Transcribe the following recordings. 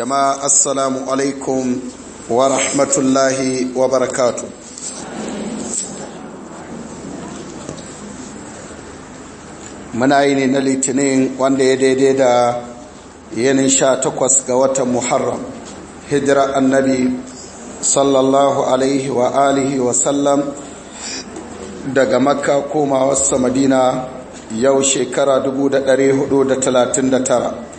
jama'a assalamu alaikum wa rahmatullahi wa barakatu muna yi ne na litinin wanda ya daidai da yanin sha takwas ga watan muharram hijira annabi sallallahu alaihi wa alihi wa sallam daga makka komawarsa madina yau shekara 439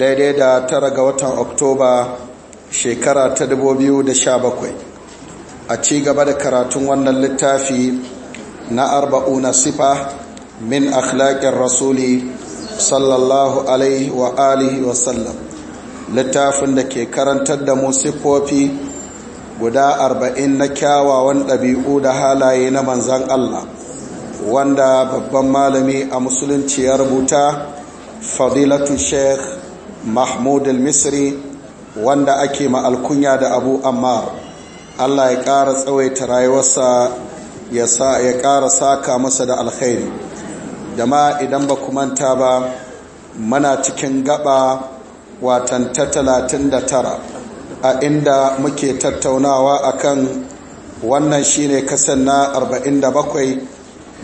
daidai da tara ga watan oktoba shekara ta 2017 a ci gaba da karatun wannan littafi na arba'una sifa min akhlaƙin rasuli sallallahu alaihi wa alihi wa sallam littafin da ke karantar da mu siffofi guda arba'in na kyawawan ɗabi'u da halaye na manzan Allah wanda babban malami a musulunci ya rubuta fadilatu sheikh mahmud al-misri wanda ake ma alkunya da abu ammar allah ya ƙara tsawaita rayuwarsa ya ƙara saka masa da alkhairi da ma idan ba manta ba mana cikin gaba watan ta talatin da tara a inda muke tattaunawa akan wannan shine kasan na 47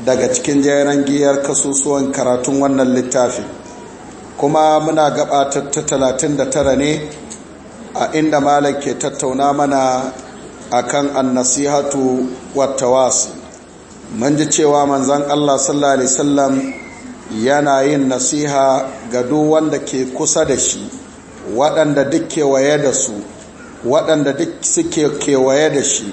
daga cikin jeren giyar kasusuwan karatun wannan littafi kuma muna gaba ta talatin da tara ne a inda malam ke tattauna mana akan annasihatu wattawasi mun ji cewa manzon Allah sallallahu alaihi wasallam yana yin nasiha ga duk wanda ke kusa da shi waɗanda duk kewaye da su waɗanda duk suke kewaye da shi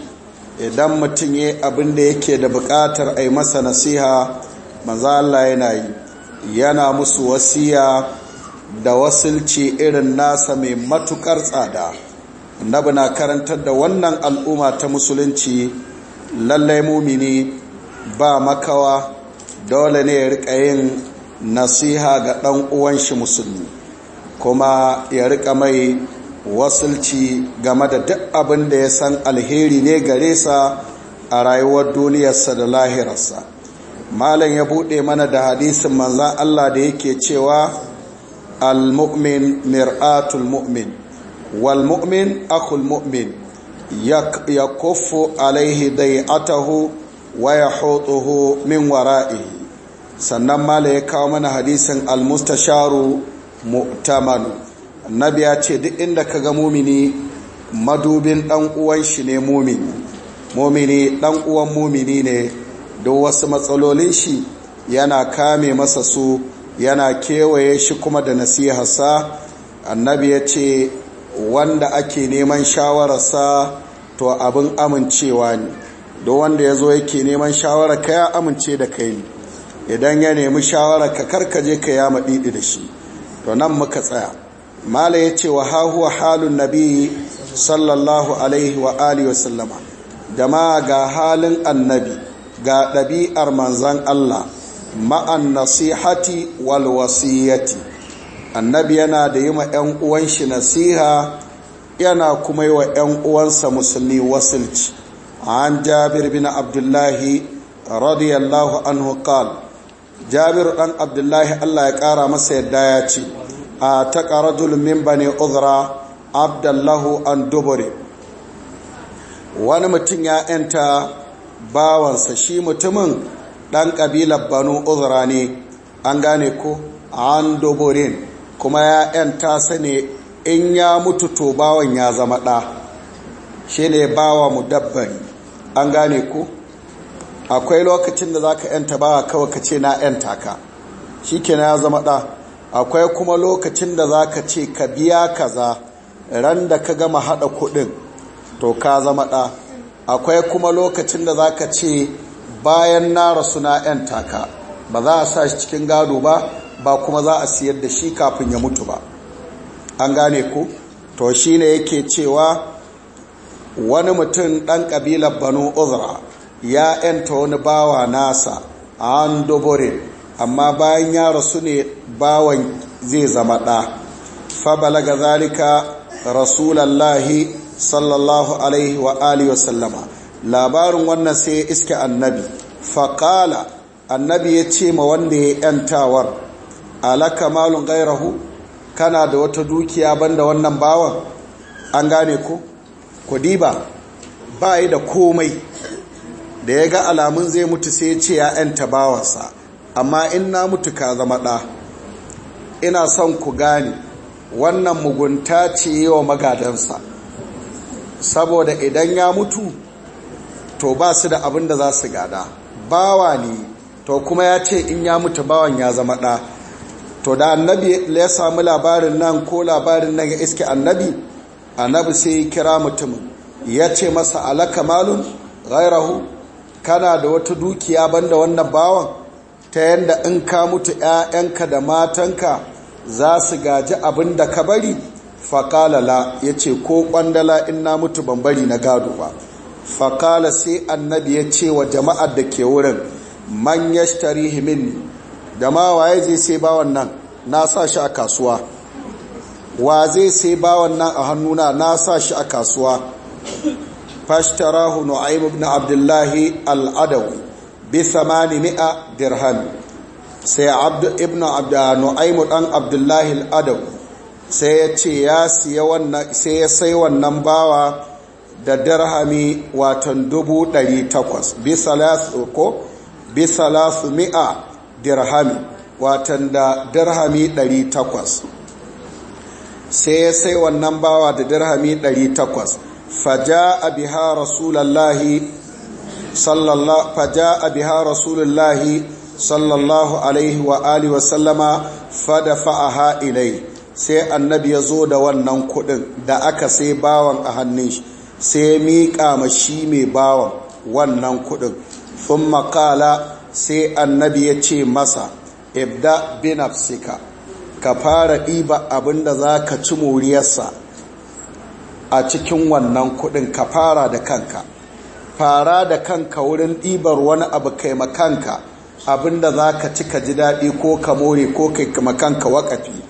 idan mutum ya abin da yake da buƙatar a yi masa nasiha manzo Allah yana yi yana musu wasiya da wasilci irin nasa mai matukar tsada annabi na karantar da wannan al'umma ta musulunci lallai mumini ba makawa dole ne ya rika yin nasiha ga ɗan uwan shi musulmi kuma ya rika mai wasilci game da duk abin da ya san alheri ne gare sa a rayuwar duniyarsa da lahirarsa malam ya bude mana da hadisin manzan Allah da yake cewa al-mu'min mir'atul mu'min wal mu'min akhul mu'min yakuffu alaihi dai'atahu wa yahutuhu min wara'ihi sannan malam ya kawo mana hadisin al-mustasharu mu'tamanu annabi ya ce duk inda kaga mumini madubin dan uwan shi ne mumini mumini dan uwan mumini ne duk wasu matsalolin shi yana kame masa su yana kewaye shi kuma da nasiharsa annabi ya ce wanda ake neman shawararsa to abin amincewa ne duk wanda ya zo yake neman shawarar ka ya amince da kai ne idan ya nemi shawarar ka karkaje ka ya maɗiɗi da shi to nan muka tsaya mala ya ce wa hahuwa halin nabi sallallahu alaihi wa alihi wasallama jama'a ga halin annabi ga ɗabi'ar manzan Allah ma'an nasihati wal wasiyati annabi yana da yi ma 'yan uwan shi nasiha yana kuma yi wa 'yan uwansa musulmi wasilci an jabir bin abdullahi radiyallahu anhu qal jabir dan abdullahi Allah ya ƙara masa yadda ya ce a taqa rajul min bani udhra abdallahu an duburi wani mutum ya yanta bawansa shi mutumin ɗan ƙabilar banu uzura ne an gane ko an doborin kuma ya ‘yanta sa ne in ya mutu to bawan ya zama ɗa shi ne bawa mu dabbari an gane ko akwai lokacin da za ka ‘yanta bawa kawai ka ce na ‘yanta ka shi ya zama ɗa akwai kuma lokacin da za ka ce ka biya kaza ran da ka gama haɗa kuɗin to ka zama ɗa akwai kuma lokacin da za ka ce bayan na rasu na 'yan taka ba za a sa shi cikin gado ba ba kuma za a siyar da shi kafin ya mutu ba an gane ku to shi ne yake cewa wani mutum ɗan kabilar banu uzra ya 'yanta wani bawa nasa a an amma bayan ya rasu ne bawan zai zama ɗa fa balaga zalika rasulallahi sallallahu alaihi wa alihi wa sallama labarin wannan sai ya iske annabi faƙala annabi ya ce ma wanda ya yantawar alaka malun gairahu kana da wata dukiya banda wannan bawan an gane ku kudi ba yi da komai da ya ga alamun zai mutu sai ya ce ya yanta bawansa amma in na mutu ka zama ɗa ina son ku gane wannan mugunta ce yi wa magadansa saboda idan ya mutu to ba su da abin da za su gada bawa ne to kuma ya ce in ya mutu bawan ya zama ɗa to da annabi ya sami labarin nan ko labarin nan ya iske annabi annabi sai ya kira mutum ya ce masa alaka malun gairahu kana da wata dukiya banda wannan bawan ta yadda in ka mutu 'ya'yanka da matanka za su gaji abin da ka bari fakalala ya ce ko kwandala in na mutu bambari na gado ba fakala sai annabi ya ce wa jama'ar da ke wurin man ya shtari himini da ma waye zai sai bawan nan na sa shi a kasuwa wa zai sai bawan nan a hannuna na sa shi a kasuwa fashtarahu nu'aym ibn abdullahi al-adawi bi 800 dirham sai abdu ibn abda nu'aym dan abdullahi al-adawi sai ya ce ya siya wannan sai ya sai wannan bawa da dirhami watan dubu ɗari takwas bisa lasu mi'a dirhami watan da dirhami ɗari takwas sai ya sai wannan bawa da dirhami ɗari takwas faja a biha rasulallahi sallallahu faja a biha rasulallahi sallallahu alaihi wa alihi wasallama fada fa'aha ilai sai annabi ya zo da wannan kuɗin da aka sai bawan a hannun shi sai ya miƙa ma shi mai bawan wannan kuɗin sun makala sai annabi ya ce masa ibda binafsika ka fara ɗiba abinda za ka ci moriyarsa a cikin wannan kuɗin ka fara da kanka fara da kanka wurin ɗibar wani abu kai makanka abinda za ka ci ka ji daɗi ko ka more ko kai makanka wakafi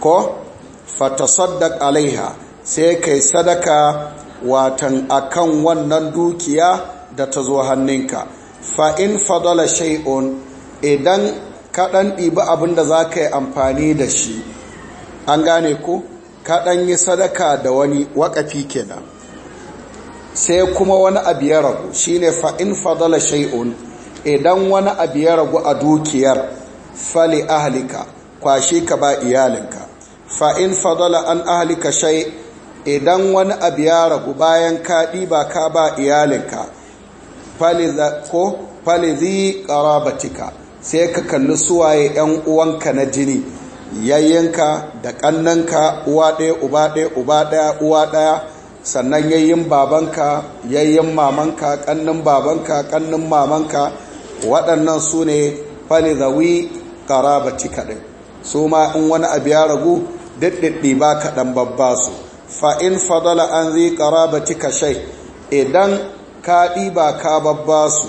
ko fatasaddaq alaiha sai kai sadaka watan akan wannan dukiya da ta zo hannunka fa in fadala shay'un idan ka dan dibi abin da ka yi amfani da shi an gane ku ka dan yi sadaka da wani wakafi kenan sai kuma wani abu ya ragu shine fa in fadala shay'un idan wani abu ya ragu a dukiyar fali ahlika kwashe ka ba iyalinka fa'in fadala an ka shai idan wani abu ya ragu bayan ka ɗiba ka ba iyalinka ko falizi karabatika. sai ka kalli suwaye ‘yan uwanka na jini yayyanka da ƙannanka uwa ɗaya uba ɗaya uba ɗaya uwa ɗaya sannan yayyin babanka yayyin mamanka ƙannin babanka ƙannin mamanka waɗannan su ne falizawi ƙarabatika ɗin su ma in wani abu ya ragu daɗaɗɗi ba kaɗan babba su fa'in fadala an zai ba tika shai idan ka ɗiba ka babba su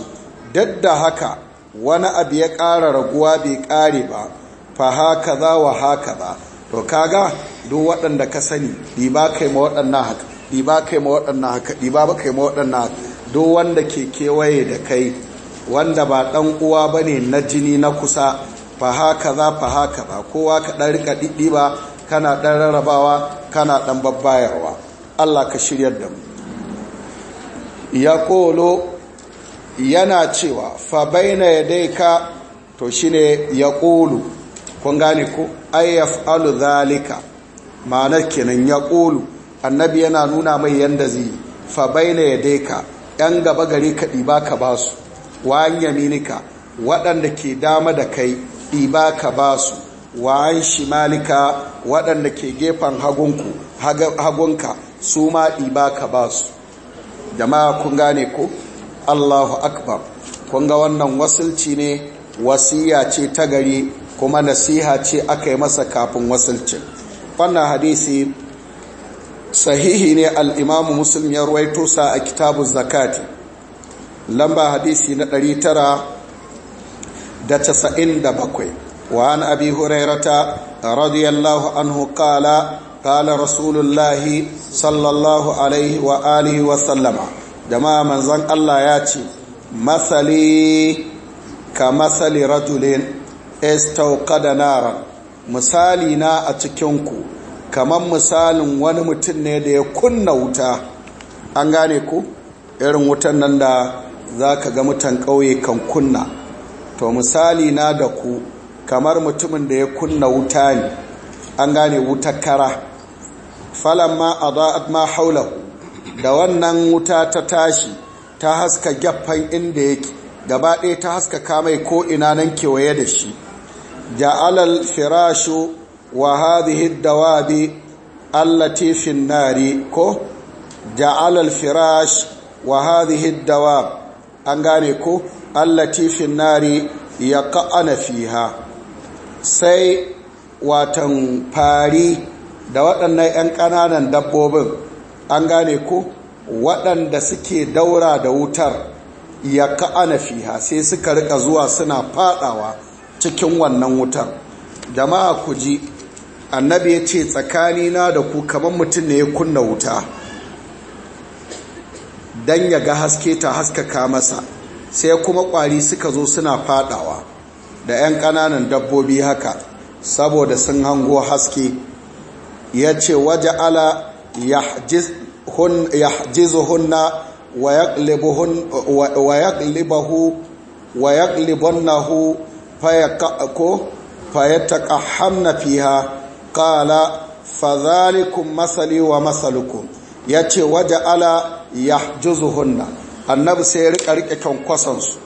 dadda haka wani abu ya ƙara raguwa bai ƙare ba fa haka za wa haka ba to kaga duk waɗanda ka sani ɗiba kai ma waɗannan haka ɗiba kai ma waɗannan haka ɗiba ba kai ma waɗannan haka duk wanda ke kewaye da kai wanda ba ɗan uwa ba ne na jini na kusa fa haka za fa ba kowa ka ɗan rika ba kana ɗan rarrabawa kana ɗan babbayarwa Allah ka shiryar da mu ya ƙolo yana cewa fa baina ya dai ka to shine ya ƙolu kun gane ko ayyaf alu zalika ma'anar kenan ya annabi yana nuna mai yanda zai fa baina ya dai ka ‘yan gaba gari ka ɗiba ka basu su wa yaminika waɗanda ke dama da kai ɗiba ka ba su wa an shimalika waɗanda ke gefen hagunka su ma ɗiba ka ba su jama'a kun gane ku allahu akbar kun ga wannan wasilci ne wasiya ce ta gari kuma nasiha ce aka yi masa kafin wasilcin wannan hadisi sahihi ne al'imamu musulmiyar ya a kitabun zakati lamba hadisi na tara. da casa'in da bakwai wa an abi hurairata radiyallahu anhu kala kala rasulullahi sallallahu alaihi wa alihi wa sallama jama'a manzan Allah ya ce masali ka masali rajulin da nara misali na a cikinku kamar misalin wani mutum ne da ya kunna wuta an gane ku irin wutan nan da za ka ga mutan ƙauye kan kunna to misali na da ku kamar mutumin da ya kunna wuta ne an gane wutar kara Falon a adaat ma haulahu da wannan wuta ta tashi ta haska gyaffan inda yake gaba ɗaya ta haska kamai ko ina nan kewaye da shi ja'alal firashu wa hadhihi dawabi allati fin nari ko ja'alal firash wa hadhihi dawab an gane ko allati fi nari ya ka'ana fiha sai watan fari da waɗannan 'yan ƙananan dabbobin an gane ku. waɗanda suke daura da wutar ya ka'ana fiha sai suka rika zuwa suna fadawa cikin wannan wutar jama'a ku ji annabi ya ce na da ku kamar mutum ne ya kunna wuta don ya ga haske ta haskaka masa sai kuma kwari suka zo suna fadawa da 'yan kananan dabbobi haka saboda sun hango haske ya ce waje ala ya jizuhunna wa yaƙlibunnahu hamna fiha kala fazalikun masali wa masalukun ya ce waje ala ya hunna. annabi sai ya rika rike kwasansu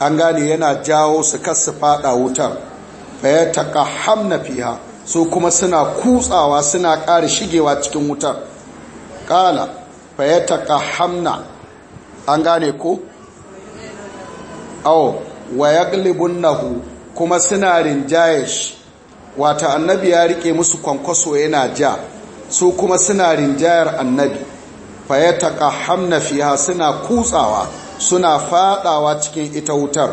an gane yana jawo su kasu fada wutar ya taka hamna fiha su kuma suna kutsawa suna ƙara shigewa cikin wutar ƙala ya taka hamna an gane ko? awo wa ya nahu kuma suna rinjaye shi wata annabi ya rike musu kwankwaso yana ja su kuma suna rinjayar annabi fayataka hamna fiha suna kutsawa suna fadawa cikin ita wutar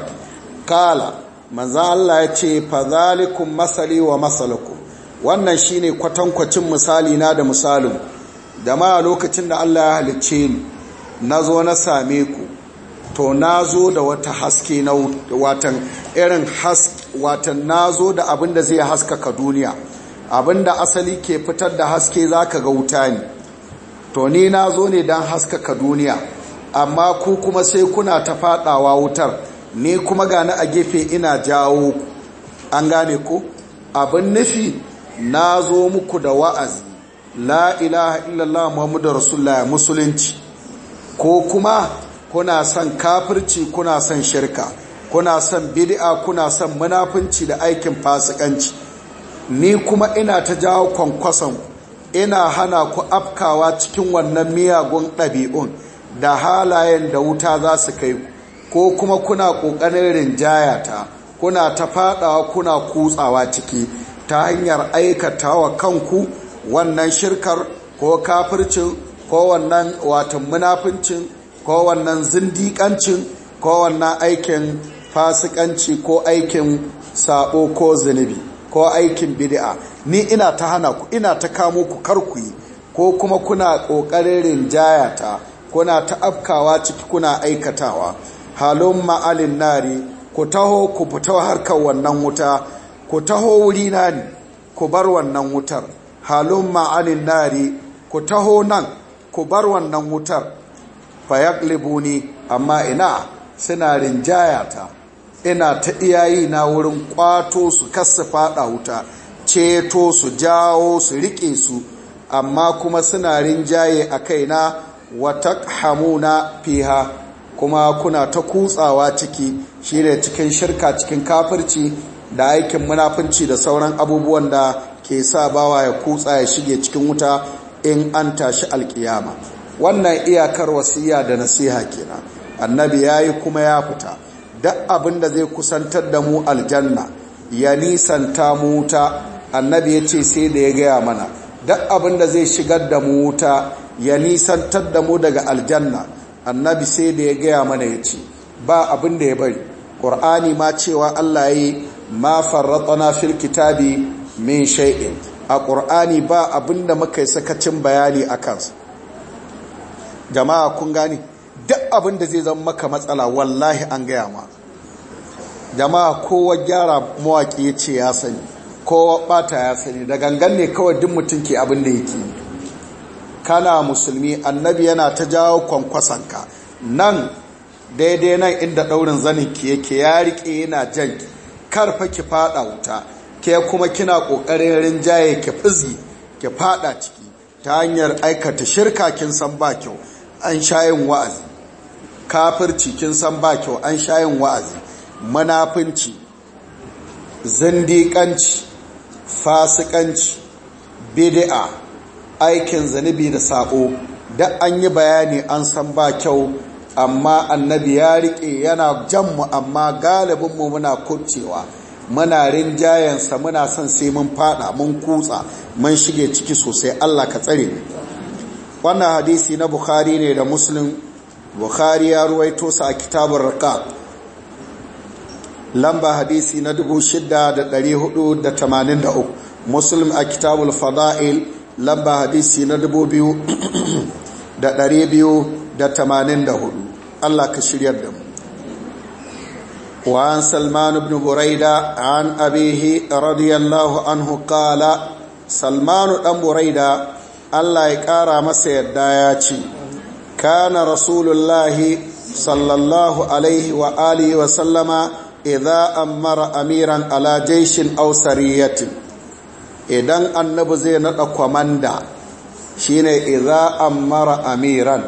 kala manza Allah ya ce fadhalikum masali wa wannan shine kwatankwacin misali na da misalin da ma lokacin da Allah ya halicce ni na zo na same ku to na zo da wata haske na watan irin haske watan na zo da abinda zai haskaka duniya abinda asali ke fitar da haske zaka ga wuta ne to ni na zo ne don haskaka duniya amma ku kuma sai kuna ta fadawa wutar ni kuma gani a gefe ina jawo an gane ku abin nufi na zo muku da wa'azi la ilaha illallah muhammadu rasulullah musulunci ko kuma kuna son kafirci kuna son shirka kuna son bid'a kuna son munafunci da aikin fasikanci ni kuma ina ta jawo ku. ina hana ku afkawa cikin wannan miyagun ɗabi'un da halayen da wuta za su kai ko kuma kuna ƙoƙarin rinjaya ta kuna ta faɗawa kuna kutsawa ciki ta hanyar aikata wa kanku wannan shirkar ko kafircin ko wannan watan munafincin ko wannan zindiƙancin ko wannan aikin fasikanci ko aikin sabo ko zunubi ko aikin bid'a ni ina ta hana ku ina ta kamo ku kar yi ko kuma kuna kokarin rinjaya ta kuna ta afkawa ciki kuna aikatawa halon ma'alin nari ku taho ku fita harkar wannan wuta ku taho wuri na ne ku bar wannan wutar halon ma'alin nari ku taho nan ku bar wannan wutar libuni amma ina suna rinjaya ta ina ta iyayi na wurin kwato su kasa fada wuta ceto su jawo su rike su amma kuma suna rinjaye a kaina wata hamuna fiha kuma kuna ta kutsawa ciki shi cikin shirka cikin kafirci da aikin munafunci da sauran abubuwan da ke sa bawa ya kutsa ya shige cikin wuta in an tashi alkiyama wannan iyakar wasiya da nasiha kenan annabi yayi kuma ya fita duk abin da zai kusantar da mu aljanna ya nisanta mu wuta annabi ya ce sai da ya gaya mana duk abin da zai shigar da mu wuta ya nisantar da mu daga aljanna annabi sai da ya gaya mana ya ce ba abin da ya bari ƙur'ani ma cewa allah yi ma farratsana fil kitabi min sha'i. a ƙur'ani ba abin da muka yi sakacin bayani a kansa jama'a kun gane duk abin da zai zama maka matsala wallahi an gaya ma jama'a kowa gyara mawaƙi ya ce ya sani kowa ɓata ya sani da gangan ne kawai duk mutum ke abin da yake kana musulmi annabi yana ta jawo kwankwasanka nan daidai nan inda ɗaurin zanin ki yake ya riƙe yana jan karfa ki faɗa wuta ke kuma kina ƙoƙarin rinjaye ki fizi ki faɗa ciki ta hanyar aikata shirka kin san ba kyau an yin wa'azi kafirci kin san ba kyau an shayin wa'azi manafinci zandikanci, fasikanci bidi'a, aikin zanibi da saƙo da an yi bayani an san ba kyau amma annabi ya riƙe yana janmu amma galibinmu muna kurcewa muna rinjayensa muna son sai mun fada mun kutsa mun shige ciki sosai Allah ka tsare wannan hadisi na bukhari ne da muslim bukhari ya ruwaito sa a kitabun raqaq lamba hadisi na 6483 muslim a kitabul fada'il lamba hadisi na 2284 Allah ka shiryar da mu wa an salman ibn buraida an abihi radiyallahu anhu qala salman dan buraida Allah ya kara masa yadda ya ci kana rasulullahi sallallahu alaihi wa wa sallama idza amara amiran ala jayshin aw sariyatin idan annabi zai nada komanda shine idza amara amiran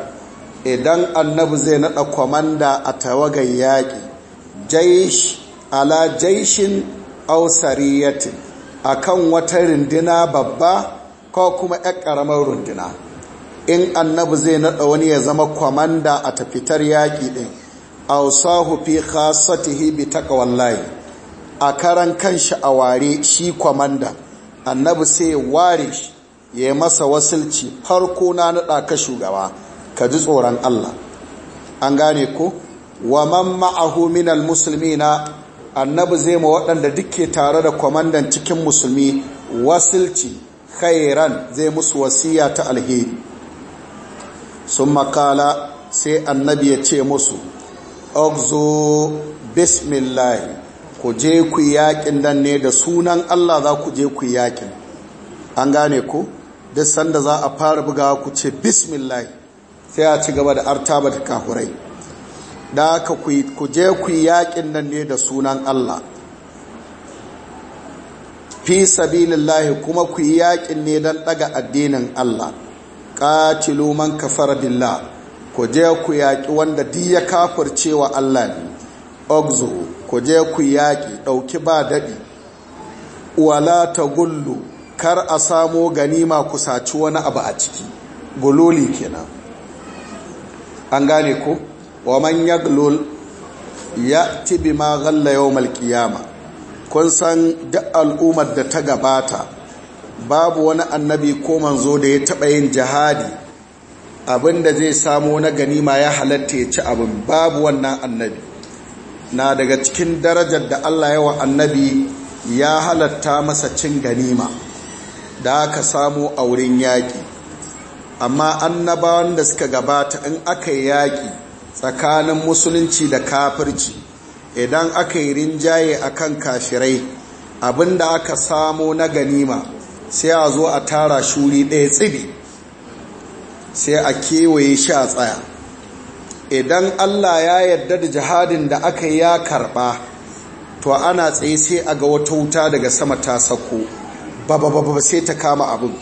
idan annabi zai nada komanda a tawagan yaki jaish ala jayshin aw sariyatin akan wata rundina babba ko kuma ƴar karamar rundina in annabi zai nada wani ya zama komanda a tafitar yaki din awsahu fi ta bi taqwallahi a karan kansa a ware shi kwamanda annabi sai ware shi ya masa wasilci farko na nada ka shugaba ka ji tsoron Allah an gane ko wa man ma'ahu minal muslimina annabi zai ma waɗanda duke tare da kwamandan cikin musulmi wasilci khairan zai musu wasiya ta alheri sun makala sai annabi ya ce musu ọgzo bismillah ku je ku yakin nan ne da sunan Allah za ku je ku yakin an gane ku duk sanda za a fara buga ku ce bismillah sai a ci gaba da artaba da kahurai da aka ku je ku yakin nan ne da sunan Allah fi sabilillahi kuma ku yakin ne dan daga addinin Allah qatilu man kafara billah ku je ku yaƙi wanda di ya kafar cewa Allah ne ogzo ku je ku yaƙi ɗauki ba daɗi wala ta gullu kar a samo ganima ku saci wani abu a ciki gululi kenan an gane ku wa man yaglul ya tibi ma galla yau malkiyama kun san duk al'ummar da ta gabata babu wani annabi ko manzo da ya taɓa yin jihadi Abin da zai samu na ganima ya halatta ya ci abin babu wannan annabi na daga cikin darajar da Allah yawa annabi ya halatta masa cin ganima da aka samu a wurin yaƙi amma annabawan da suka gabata in aka yi yaƙi tsakanin musulunci da kafirci idan aka yi rinjaye akan kafirai da aka samu na ganima sai a zo a tara shuri ɗaya tsibi sai a kewaye shi a tsaya idan allah ya yarda da jihadin da aka ya karba to ana tsaye sai a ga wata wuta daga sama ta sako ba sai ta kama abin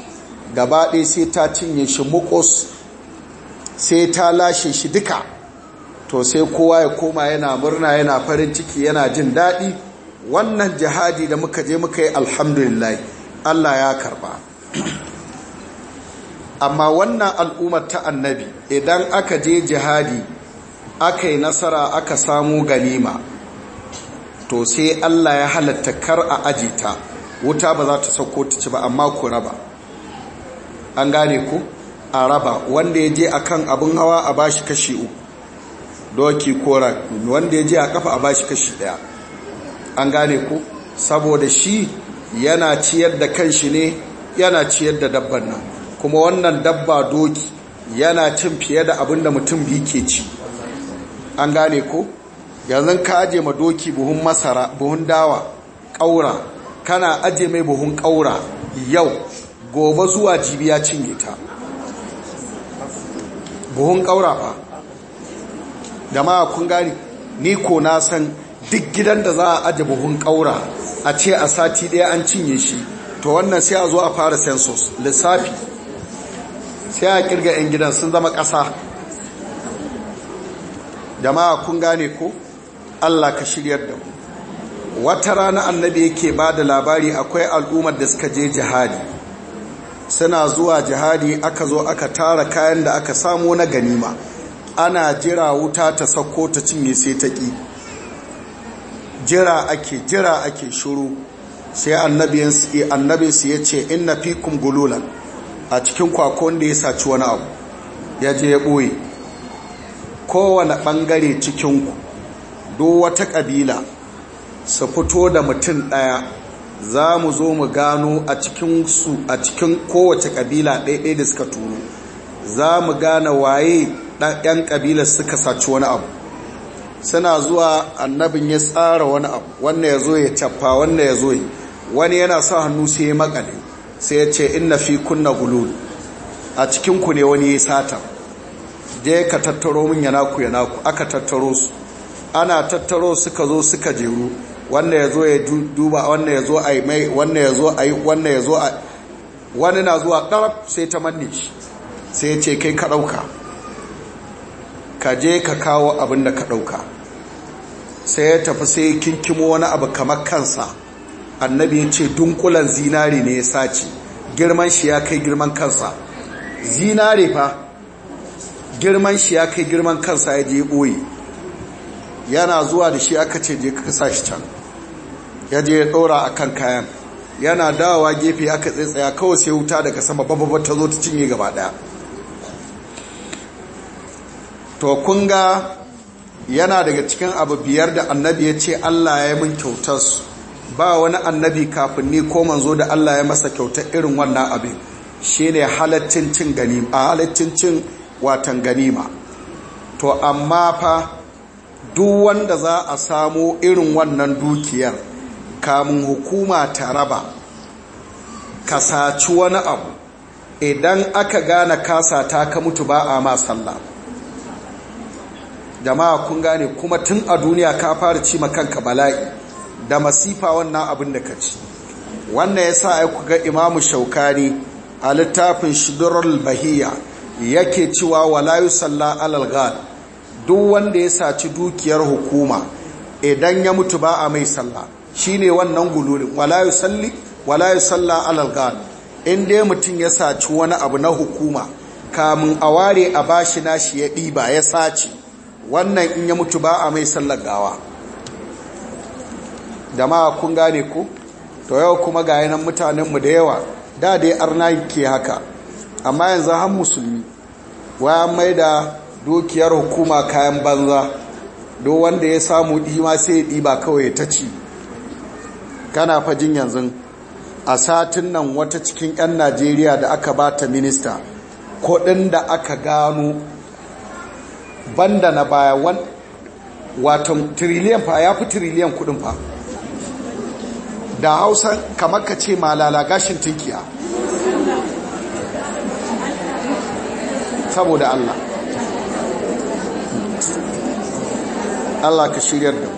gaba ɗaya sai ta cinye shi mukos sai ta lashe shi duka to sai kowa ya koma yana murna yana farin ciki yana jin daɗi wannan jihadi da muka je muka yi alhamdulillah allah ya karba amma wannan al'ummar ta annabi idan aka je jihadi aka yi nasara aka samu ganima to sai Allah ya halatta kar a ajita wuta ba za ta sauko ta ci ba amma ku raba an gane ku a raba wanda ya je a kan abin hawa a bashi kashi uku doki kora wanda ya je a kafa a bashi kashi daya an gane ku saboda shi yana ciyar da kanshi ne yana ciyar da dabban nan kuma wannan dabba doki yana cin fiye da abin da mutum biyu ke ci an gane ko yanzu ka aje ma doki buhun masara buhun dawa ƙaura kana aje mai buhun ƙaura yau gobe zuwa jibi ya cinye ta buhun ƙaura da ma kun gane ni ko na san duk gidan da za a aje buhun ƙaura a ce a sati ɗaya an cinye shi to wannan sai a zo a fara census lissafi sai a kirga 'yan gidan sun zama ƙasa jama'a kun gane ko allah ka shiryar da ku. wata rana annabi yake ba da labari akwai al'ummar da suka je jihadi suna zuwa jihadi aka zo aka tara kayan da aka samu na ganima ana jira wuta ta sauko ta cinye sai ta ƙi jira ake jira ake shuru sai annabi su ya ce inna fikum gululan a cikin kwakon da ya saci wani abu ya je ya ɓoye kowane ɓangare cikinku do wata ƙabila su fito da mutum ɗaya za mu zo mu gano a cikin su a cikin kowace ƙabila ɗaiɗai da suka turu za mu gane waye ɗan ƙabilar suka saci wani abu suna zuwa annabin ya tsara wani abu wannan ya zo ya cappa wannan ya zo wani yana sa hannu sai ya makale sai ya ce inna fi kunna gulul a cikinku ne wani ya sata je ka tattaro min yanaku yanaku aka tattaro su ana tattaro suka zo suka jeru wannan ya zo ya duba wannan ya zo a yi mai wannan ya zo a yi wannan ya zo a wani na zuwa ɗarab sai ta manne shi sai ya ce kai ka ɗauka ka je ka kawo abin da ka ɗauka sai ya tafi sai kinkimo wani abu kamar kansa annabi ya ce dunkulan zinare ne ya sace girman shi ya kai girman kansa zinare fa girman shi ya kai girman kansa ya je ɓoye yana zuwa da shi aka ce je ka sa shi can ya je ya ɗora a kan kayan yana dawa gefe aka tsaitsaya kawai sai wuta daga sama babbabba ta zo ta cinye gaba ɗaya to kun ga yana daga cikin abu biyar da annabi ya ce allah ya yi min kyautarsu ba wani annabi kafin ni ko manzo da Allah ya masa kyauta irin wannan abin ne halaccin cin ganima halaccin cin watan ganima to amma fa duk wanda za a samo irin wannan dukiyar kamun hukuma ta raba ka saci wani abu idan aka gane kasa ta ka mutu ba a ma sallah jama'a kun gane kuma tun a duniya ka fara ci kanka bala'i da masifa wannan abin da ka ci wannan ya sa ai ga imamu shaukari a littafin shidurar bahiya yake cewa walayu yusalla alalgal duk wanda ya saci dukiyar hukuma idan ya mutu ba a mai sallah ne wannan gululin walayu salli walayu yusalla alalgal inda in dai mutum ya saci wani abu na hukuma kamun a ware a bashi nashi ya ɗiba ya saci wannan in ya mutu ba a mai sallar gawa jama'a kun gane ku to yau kuma ga yanan mutanenmu da yawa da dai arna ke haka amma yanzu har musulmi waya mai da dukiyar hukuma kayan banza do wanda ya samu ɗima sai ɗiba kawai ta ci kana fajin yanzu a satin nan wata cikin 'yan najeriya da aka ba ta minista kudin da aka gano banda na baya watan tiriliyan fa ya fi tiriliyan kudin fa da hausa kamar ka ce malala gashin tinkiya saboda Allah Allah ka shiryar da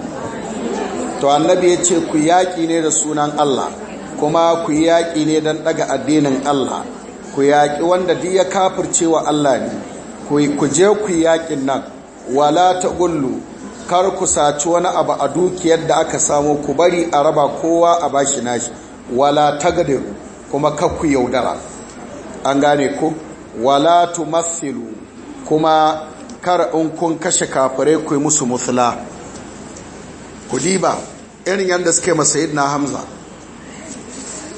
to annabi ya ce ku yaƙi ne da sunan Allah kuma ku yaƙi ne don ɗaga addinin Allah ku yaƙi wanda duk ya kafircewa Allah ne ku je ku yaƙin nan wala ta gullu kar ku saci wani abu a dukiyar da aka samu ku bari a raba kowa a bashi nashi wala tagadiru kuma ka ku yaudara an gane ku wala tumathilu kuma kar in kun kashe kafirai ku yi musu musula ku diba irin yadda suke masayid na hamza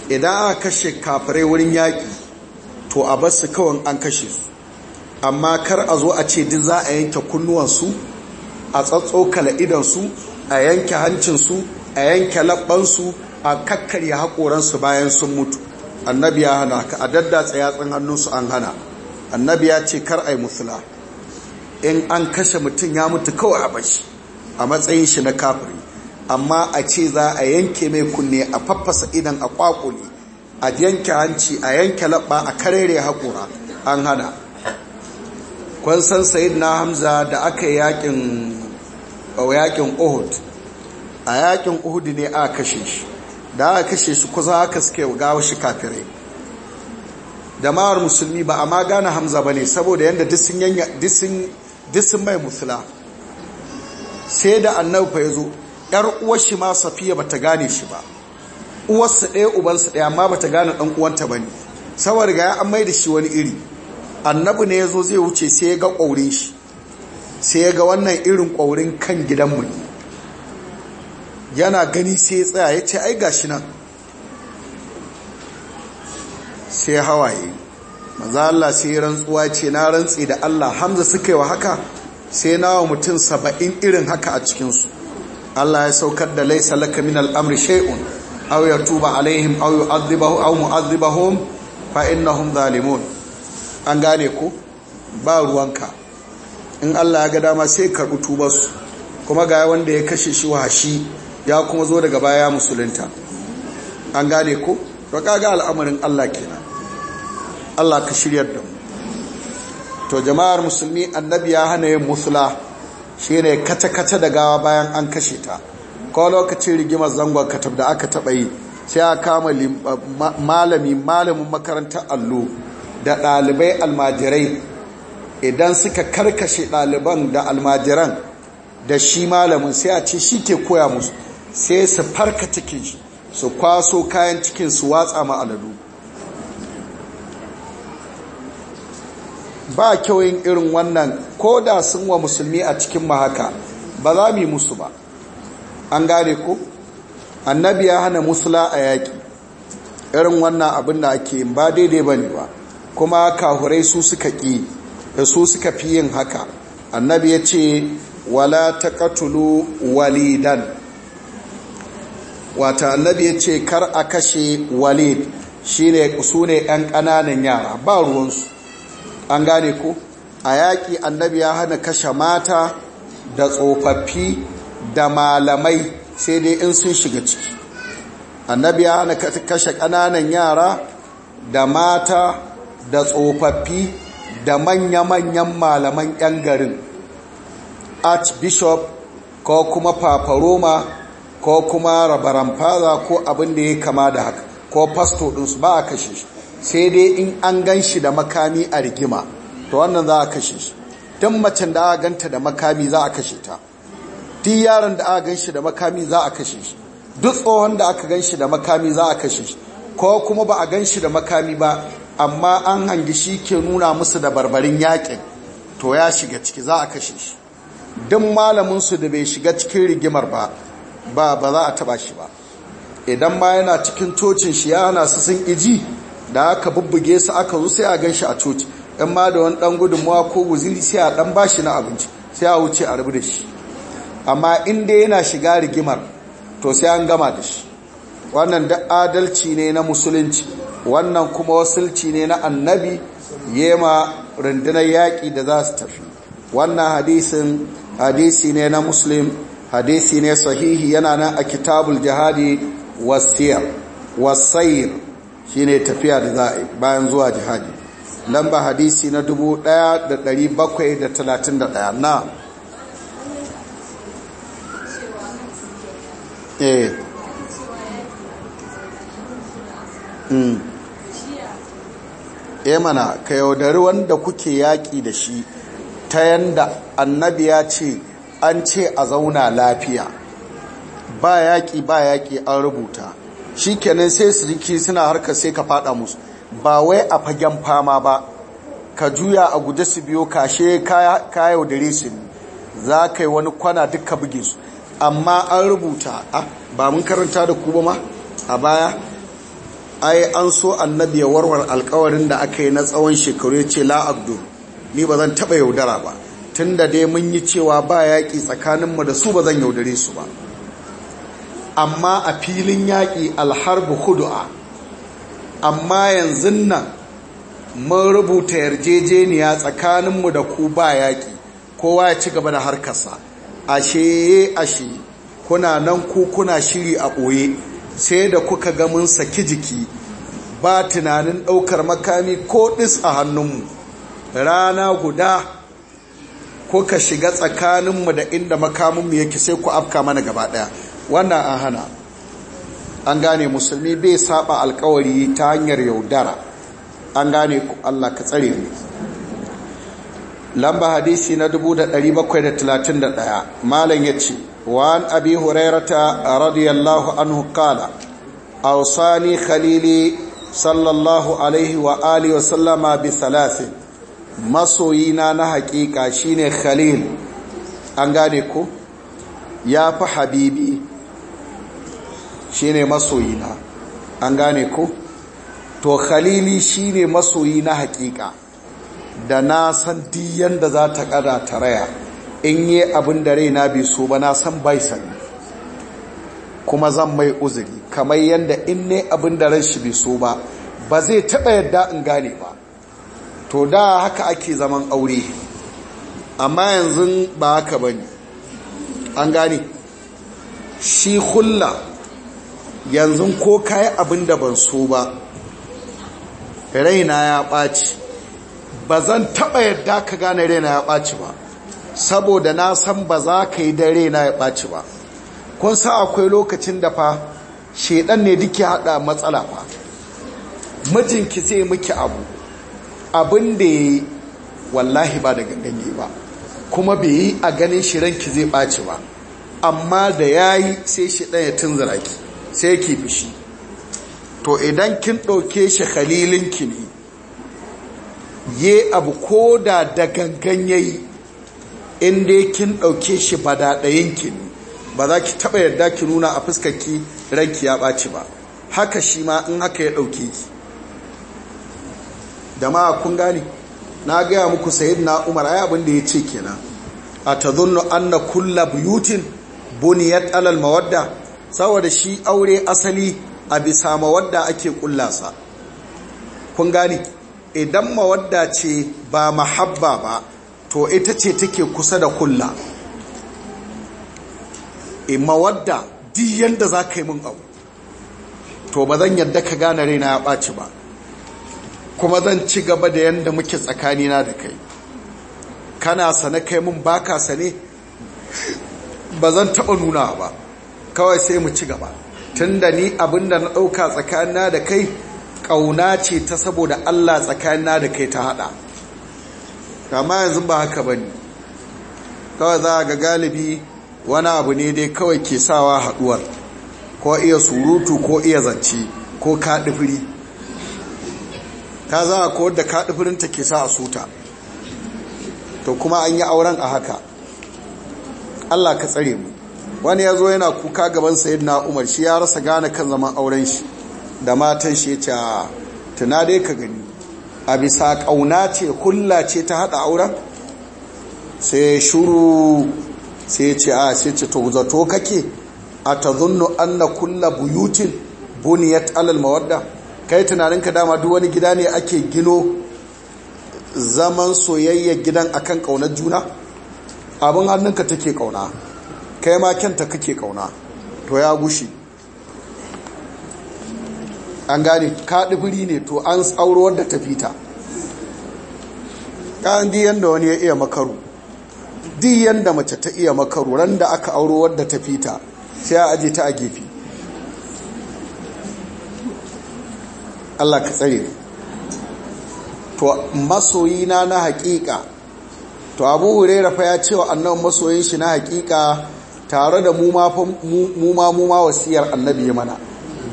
idan aka kashe kafare wurin yaƙi to a basu kawan an kashe su amma kar a zo a ce duk za a yanke kunnuwansu a tsatsokala idansu a yanke hancinsu a yanke labbansu a kakkarya haƙoransu bayan sun mutu annabi ya hana ka a daddatsa yatsun hannunsu an hana annabi ya ce kar a yi musula in an kashe mutum ya mutu kawai a bashi a matsayin shi na kafiri amma a ce za a yanke mai kunne a faffasa idan a kwakuli a yanke hanci a yanke labba a karere haƙora an hana kwan san na hamza da aka yakin yakin uhud a yakin uhud ne a kashe shi da aka kashe shi kusa aka suke gawa shi kafirai jama'ar musulmi ba a ma gane hamza ba ne saboda yadda disin mai musula sai da annabi fa zo. yar uwar shi ma safiya ta gane shi ba uwarsa ɗaya ubansa ɗaya amma ta gane ɗan uwanta ne. saboda ga ya an mai da shi wani iri annabi ne ya zo zai wuce sai ya ga ƙwaurin shi sai ya ga wannan irin ƙwaurin kan gidanmu ne yana gani sai ya tsaya ya ce ai gashi nan sai hawaye maza Allah sai rantsuwa ce na rantsi da Allah hamza suka yi wa haka sai na wa mutum saba'in irin haka a cikinsu Allah ya saukar da laisa laka min al'amri shay'un aw yatuba alaihim aw yu'adhibahu aw mu'adhibahum fa innahum zalimun an gane ku ba ruwanka in Allah ya ga dama sai karɓi tubarsu kuma ga wanda ya kashe shi washi ya kuma zo daga baya musulunta an gane ku to kaga al'amarin Allah kenan Allah ka shirya da mu to jama'ar musulmi annabi ya hana yin musula shine kata-kata da gawa bayan an kashe ta ko lokacin rigimar zangon katab da aka taɓa yi sai a kama malamin makarantar allo da ɗalibai almajirai idan suka karkashe ɗaliban da almajiran da shi malamin sai a ce shi ke koya musu sai su farka cikin shi su kwaso kayan cikin su watsa ma aladu ba kyauyin irin wannan ko da sun wa musulmi a cikin mahaka ba za mu yi musu ba an gane ko annabi ya hana musula a yaƙi irin wannan abin da ake ba daidai ba ne ba kuma kahurai su suka ƙi su suka fi yin haka annabi ya ce wala ta taqatulu walidan wata annabi ya ce kar a kashe walid shine su ne ɗan ƙananan yara ba ruwansu an gane ku a yaƙi annabi ya hana kashe mata da tsofaffi da malamai sai dai in sun shiga ciki annabi ya hana kashe ƙananan yara da mata da tsofaffi da manya-manyan malaman 'yan garin archbishop ko kuma paparoma ko kuma rabaran faza ko abin da ya kama da haka ko pasto ɗinsu ba a kashe shi sai dai in an gan shi da makami a rigima to wannan za a kashe shi tun macin da aka ganta da makami za a kashe ta ti yaron da aka gan shi da makami za a kashe shi duk tsohon da aka gan shi da makami za a kashe shi ko kuma ba a gan shi da makami ba amma an hangi shi ke nuna musu da barbarin yakin to ya shiga ciki za a kashe shi don malaminsu da bai shiga cikin rigimar ba ba ba za a taba shi ba idan ma yana cikin cocin shi ya hana su sun iji da aka bubbuge su aka zo sai a gan shi a coci in ma da wani dan gudunmawa ko guziri sai a dan bashi na abinci sai a wuce a rubu da shi amma in dai yana shiga rigimar to sai an gama da shi wannan da adalci ne na musulunci wannan kuma wasulci ne na annabi yema rundunar yaƙi da za su tafi wannan hadisin hadisi ne na muslim hadisi ne sahihi yana nan a kitabul jihadi wasiyar wasayir shi ne tafiya da za bayan zuwa jihadi lamba hadisi na 1731 na eh mm kai mana ka yaudari wanda kuke yaƙi da shi ta yanda annabi ya ce an ce a zauna lafiya ba yaƙi ba yaƙi an rubuta shi kenan sai su riki suna harkar sai ka fada musu ba wai a fagen fama ba ka juya a guje su biyo kashe ka yaudare su za ka yi wani kwana duka buge su amma an rubuta ba mun karanta da ku ba ma a baya ai an so annabi ya warwar alkawarin da aka yi na tsawon shekaru ya ce la'abdu ni ba zan taɓa yaudara ba tun da dai mun yi cewa ba yaƙi tsakaninmu da su ba zan yaudare su ba amma a filin yaƙi alharbu hudu'a amma yanzu nan mun rubuta yarjejeniya tsakaninmu da ku ba yaƙi kowa ya ci gaba da harkarsa ashe ashe kuna nan ku kuna shiri a ɓoye sai da kuka ga mun saki jiki ba tunanin ɗaukar makami ko ɗis a hannunmu rana guda ko ka shiga tsakaninmu da inda makaminmu yake sai ku afka mana gaba ɗaya wannan an hana an gane musulmi bai saba alkawari ta hanyar yaudara an gane Allah ka tsare mu lamba hadisi na 1731 malam ya ce وعن أبي هريرة رضي الله عنه قال أوصاني خليلي صلى الله عليه وآله وسلم بثلاث masoyina na hakika shine khalil an gane ko ya fi habibi shine masoyina an gane to khalili shine masoyi na hakika da na san diyan da za ta kada ta raya in yi abin da raina bai so ba na san bai sani kuma zan mai uzuri kamar yadda in ne abin da ran shi bai so ba ba zai taɓa yadda in gane ba to da haka ake zaman aure amma yanzu ba haka ba an gane shi hulla yanzu ko kayi abin da ban so ba raina ya ɓaci ba zan taɓa yadda ka gane raina ya ɓaci ba saboda na san ba za ka yi dare na ya ɓaci ba kun sa akwai lokacin da fa shaidan ne ya haɗa matsala fa mijinki sai miki abu abin da ya yi wallahi ba da ganganye ba kuma bai yi a ganin ki zai ɓaci ba amma da ya yi sai shaidan ya tunzura ki sai ki fishi to idan kin ɗauke shi khalilinki ne ye abu ko da da gangan yayi in dai kin ɗauke shi ba daɗayin ki ne ba za ki taɓa yarda ki nuna a fuskarki ranki ya ɓaci ba haka shi ma in haka ya ɗauke ki da ma kun gane na gaya muku sayid na umar ya abin da ya ce kenan a ta zunnu an na kulla buyutin buniyat alal mawadda saboda shi aure asali a bisa mawadda ake kullasa kun gane idan mawadda ce ba mahabba ba to ita ce take kusa da kulla imma wadda diyan yadda za ka yi mun abu to ba zan yadda ka gane raina ya ɓaci ba kuma zan ci gaba da yadda muke tsakanina da kai kana sane kai mun baka sane ba zan taɓa nuna ba kawai sai mu ci gaba tun da ni abinda na ɗauka tsakanina da kai ƙauna ce ta saboda allah tsakanina da kai ta haɗa kama yanzu ba haka ba ne kawai za ga galibi wani abu ne dai kawai ke sawa haduwar ko iya surutu ko iya zance ko kaɗifiri ta za a kowar da kaɗifirinta ke sa a suta to kuma an yi auren a haka allah ka tsare mu wani ya zo yana kuka gaban sayid na umar shi ya rasa gane kan zaman auren shi da matan shi ya ce tuna dai ka gani a bisa ƙauna ce kulla ce ta haɗa auren sai shuru sai ce a ah, sai ce to zato kake a ta zunnu an na kulla buyutin buniyat alal mawadda kai tunanin ka dama duk wani gida ne ake gino zaman soyayya gidan akan ƙaunar juna abin hannunka take ƙauna kai ma kyanta kake ƙauna to ya gushi an gane kaɗifiri ne to an tsauro wadda ta fita di yadda wani ya iya makaru di yadda mace ta iya makaru ran da aka auro wadda ta fita sai a aje ta a gefe Allah ka tsare to masoyina na hakika to abu huraira fa ya ce wa annabi masoyin shi na hakika tare da mu ma mu ma wasiyar annabi mana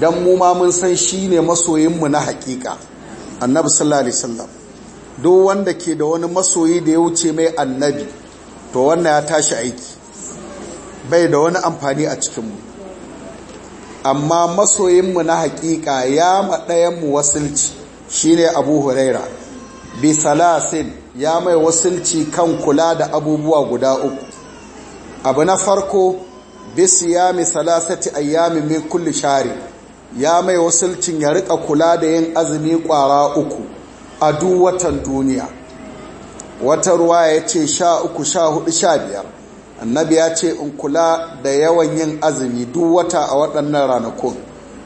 don mu ma mun san shi ne masoyinmu na hakika annabi sallallahu alaihi wasallam duk wanda ke da wani masoyi da ya wuce mai annabi to wannan ya tashi aiki bai da wani amfani a cikinmu amma masoyinmu na hakika ya maɗayenmu wasilci shi ne abu huraira bisalasin ya mai wasilci kan kula da abubuwa guda uku abu na farko bisiyami salasati ayyami mai kulli shari'a ya mai wasulcin ya riƙa kula da yin azumi kwara uku a duwatan duniya wata ruwa ya ce sha uku sha hudu sha biyar annabi ya ce in kula da yawan yin azumi duwata a waɗannan ranakun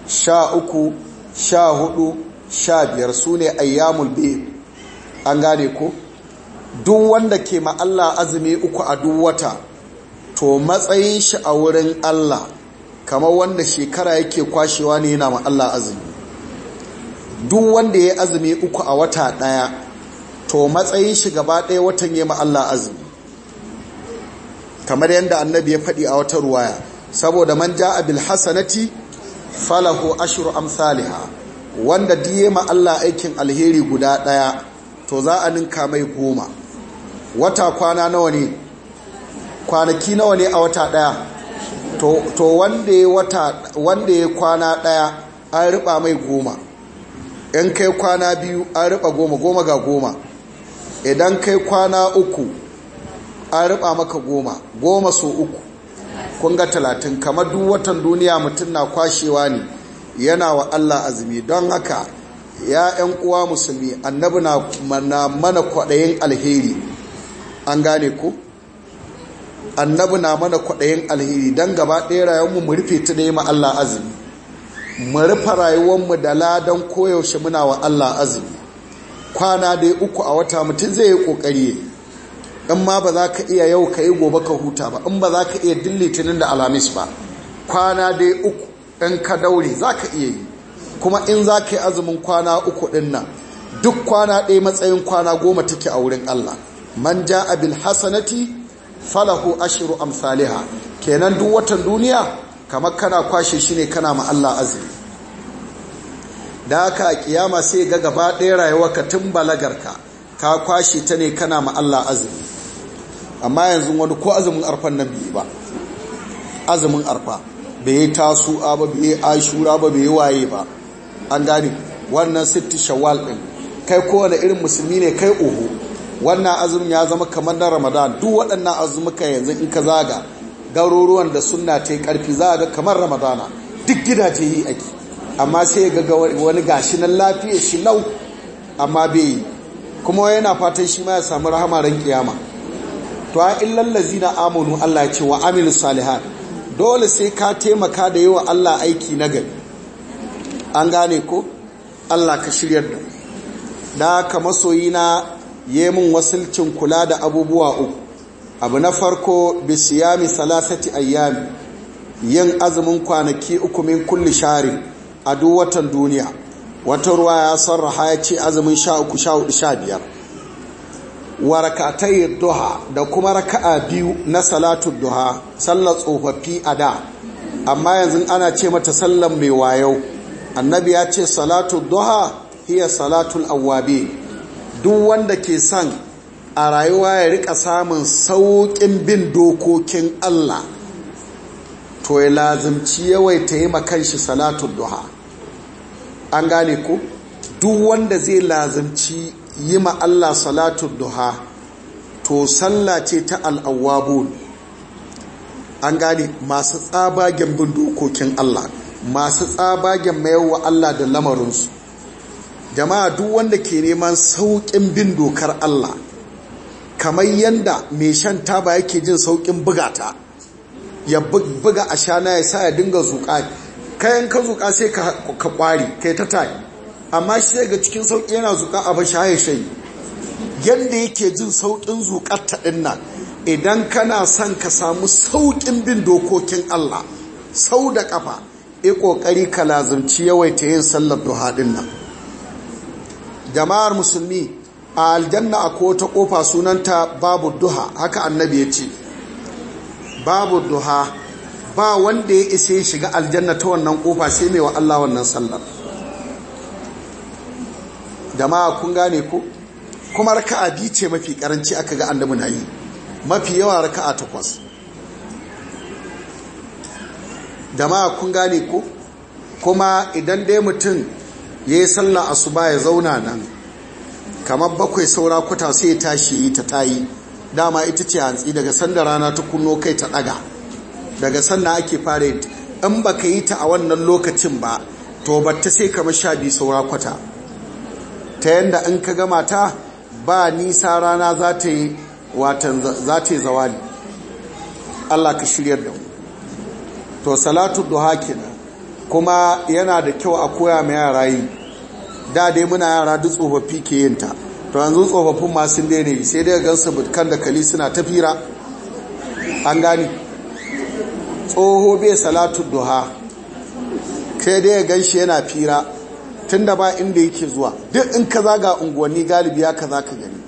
sha uku sha hudu sha biyar su ne ayyamul biyu an gane ko duk wanda ke ma'alla azumi uku a duwata to matsayin shi a wurin allah kamar wanda shekara yake kwashewa ne yana ma azumi duk wanda ya azumi uku a wata daya to matsayin shi gaba daya watan ya Allah azumi kamar yadda annabi ya faɗi a wata ruwaya saboda man ja'a bil hasanati falahu ashru amsalha wanda diye ma Allah aikin alheri guda daya to za a ninka mai goma wata kwana nawa ne kwanaki nawa ne a wata daya to wanda ya kwana daya an riba mai goma in kai kwana biyu an riba goma goma ga goma idan kai kwana uku an riba maka goma goma so uku kunga talatin kamar duk watan duniya mutum na kwashewa ne yana wa Allah azumi don haka ya 'yan uwa musulmi annabi na mana kwaɗayin alheri an gane ku? annabi na mana kwaɗayin alheri don gaba ɗaya rayuwarmu mu rufe ta da ma Allah azumi mu rufe rayuwarmu da ladan koyaushe muna wa Allah azumi kwana da uku a wata mutum zai yi ƙoƙari in ma ba za ka iya yau ka yi gobe ka huta ba in ba za ka iya dille tunin da alhamis ba kwana da uku in ka daure za ka iya yi kuma in za ka yi azumin kwana uku ɗin nan duk kwana ɗaya matsayin kwana goma take a wurin Allah man ja abil hasanati falahu ashiru amsaliha kenan duk watan duniya kamar kana kwashe shi ne kana ma Allah azumi da haka kiyama sai ga gaba ɗaya rayuwa ka tun balagarka ka kwashe ta ne kana ma Allah azumi amma yanzu wani ko azumin arfan nan biyu ba azumin arfa bai yi tasu'a ba bai yi ashura ba bai yi waye ba an gane wannan sitti shawwal ɗin kai kowane irin musulmi ne kai oho wannan azumin ya zama kamar na ramadan duk waɗannan azumuka yanzu in ka zaga garuruwan da suna ta yi ƙarfi za ga kamar ramadana duk gidaje yi ake amma sai ga wani gashi na lafiya shi lau amma bai yi kuma yana fatan shi ma ya samu rahama ran kiyama to a illal na amanu Allah ya ce wa aminu salihan dole sai ka taimaka da yawa Allah aiki na gari an gane ko Allah ka shiryar da da masoyi na. yi min wasilcin kula da abubuwa uku abu na farko bisiyami salasati ayyami yin azumin kwanaki uku min kulli shari a duk watan duniya wata ruwa ya sarraha ya ce azumin sha uku sha hudu sha biyar wa rakatai duha da kuma raka'a biyu na salatu duha sallar tsofaffi a da amma yanzu ana ce mata sallar mai wayo annabi ya ce salatu duha hiya salatul awwabi duk wanda ke son a rayuwa ya rika samun sauƙin bin dokokin Allah to ya lazimci yawai ta yi makanshi salatun duha an gane ku duk wanda zai lazimci yi ma Allah salatun duha to sallah ce ta al'awwabun an gane masu tsabagen bin dokokin Allah masu tsabagen mayarwa Allah da lamarinsu jama'a duk wanda ke neman sauƙin bin dokar Allah kamar yadda mai shan taba yake jin sauƙin bugata ya buga a shana ya sa ya dinga zuƙa kayan ka zuƙa sai ka ƙwari kai ta tayi amma shi daga cikin sauƙi yana zuƙa a abin shaye shayi yadda yake jin sauƙin zuƙar ta ɗinnan idan kana son ka samu sauƙin bin dokokin Allah sau da ƙafa i ƙoƙari ka lazumci yawaita yin sallar duha ɗinnan jama'ar musulmi a aljanna a ko ta kofa sunanta babu duha haka annabi ya ce babu duha ba wanda ya isa ya shiga aljanna ta wannan kofa sai mai wa Allah wannan sallar jama'a kun gane ku kuma raka'a bi ce mafi karanci aka ga annabi na yi mafi yawa raka'a takwas jama'a kun gane ku kuma idan dai mutum ya yi sallah su ya zauna nan kamar bakwai saura kwata sai ya tashi yi ta tayi dama ita ce hantsi daga sanda rana ta kunno kai ta daga daga sanda ake fara in ba ka yi ta a wannan lokacin ba to ta sai kamar sha biyu saura kwata ta yanda in ka gama ta ba nisa rana za ta yi watan za ta yi zawali Allah ka shiryar da mu to salatu duha kenan kuma yana da kyau a koya ma yara yi da dai muna yara duk tsofaffi ke yin ta to yanzu tsofaffin masu daina sai dai gan su kan da kali suna tafira an gani tsoho bai salatu duha sai dai ya gan shi yana fira tun da ba inda yake zuwa duk in ka zaga unguwanni galibi ya ka za ka gani